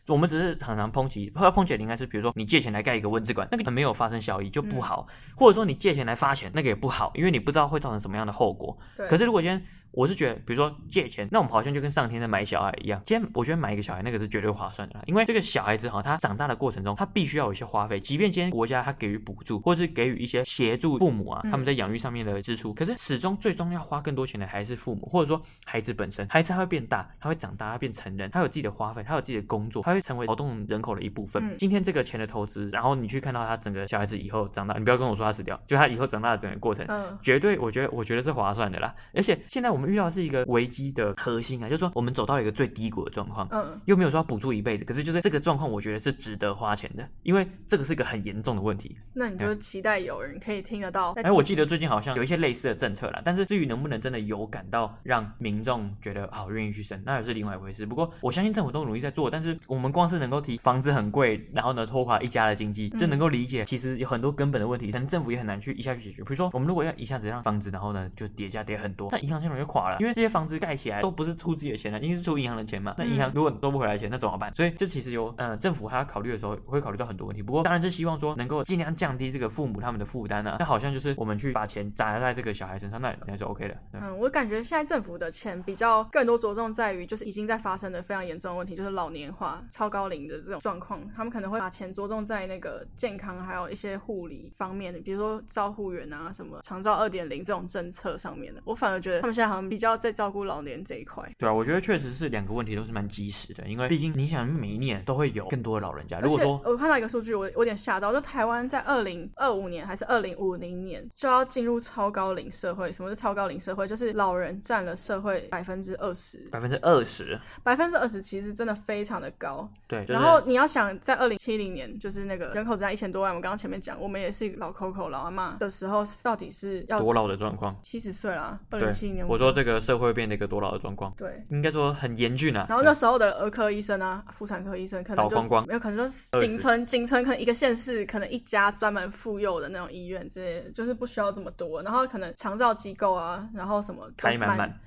我們只是常常。抨擊抨擊來，的應該是，比如說你借錢來蓋一個蚊子館，那個沒有發生效益就不好，嗯、或者說你借錢來發錢，那個也不好，因為你不知道會造成什麼樣的後果。對可是如果今天。我是覺得，比如說借錢，那我們好像就跟上天在買小孩一樣。今天我覺得買一個小孩那個是絕對划算的啦，因為這個小孩子哈、啊，他長大的過程中，他必須要有一些花費。即便今天國家他給予補助，或者是給予一些協助父母啊，他們在養育上面的支出，嗯、可是始終最終要花更多錢的還是父母，或者說孩子本身。孩子他會變大，他會長大，他變成人，他有自己的花費，他有自己的工作，他會成為勞動人口的一部分。嗯、今天這個錢的投資，然後你去看到他整個小孩子以後長大，你不要跟我說他死掉，就他以後長大的整個過程，嗯、絕對我覺得我覺得是划算的啦。而且現在我們。我遇到是一個危機的核心啊，就是說我們走到了一個最低谷的狀況，嗯，又沒有說要補助一輩子，可是就是這個狀況，我覺得是值得花錢的，因為這個是一個很嚴重的問題。那你就期待有人可以聽得到、嗯？哎、欸，我記得最近好像有一些類似的政策啦，但是至於能不能真的有感到讓民眾覺得好願意去生，那也是另外一回事。不過我相信政府都努力在做，但是我們光是能夠提房子很貴，然後呢拖垮一家的經濟，就能夠理解。其實有很多根本的問題，但政府也很難去一下去解決。比如說，我們如果要一下子讓房子，然後呢就跌價跌很多，那銀行系統要。了，因為這些房子蓋起來都不是出自己的錢了，因為是出銀行的錢嘛。那銀行如果收不回來錢，嗯、那怎麼辦？所以這其實由呃政府還要考慮的時候，會考慮到很多問題。不過當然是希望說能夠儘量降低這個父母他們的負擔啊。那好像就是我們去把錢砸在這個小孩身上，那應該是 OK 的。嗯，我感覺現在政府的錢比較更多着重在於就是已經在發生的非常嚴重的問題，就是老年化超高齡的這種狀況，他們可能會把錢着重在那個健康還有一些護理方面的，比如說照護員啊什麼長照二點零這種政策上面的。我反而覺得他們現在好像。比較在照顧老年這一塊，對啊，我覺得確實是兩個問題都是蠻及時的，因為畢竟你想，每一年都會有更多的老人家。如果說，而且我看到一個數據，我有點嚇到，就台灣在二零二五年還是二零五零年就要進入超高齡社會。什麼是超高齡社會？就是老人占了社會百分之二十，百分之二十，百分之二十其實真的非常的高。對，就是、然後你要想在二零七零年，就是那個人口只占一千多萬，我剛剛前面講，我們也是老扣扣老媽媽的時候，到底是要多老的狀況？七十歲了，二零七零年。說這個社會變得一個多老的狀況，對，應該說很嚴峻啊。然後那時候的兒科醫生啊，嗯、婦產科醫生可能就光光沒有可能說，僅存僅存可能一個縣市可能一家專門婦幼的那種醫院之類的，就是不需要這麼多。然後可能長照機構啊，然後什麼。可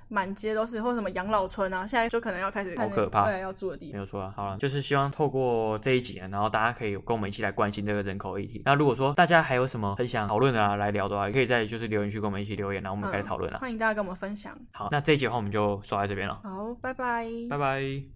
滿街都是，或者什麼養老村啊，現在就可能要開始好可怕，未來要住的地方沒有錯啊。好了，就是希望透過這一集啊，然後大家可以有跟我們一起來關心這個人口議題。那如果說大家還有什麼很想討論的啊，來聊的話，也可以在就是留言區跟我們一起留言，然後我們開始討論啊。歡迎大家跟我們分享。好，那這一集的話，我們就說到這邊了。好，拜拜，拜拜。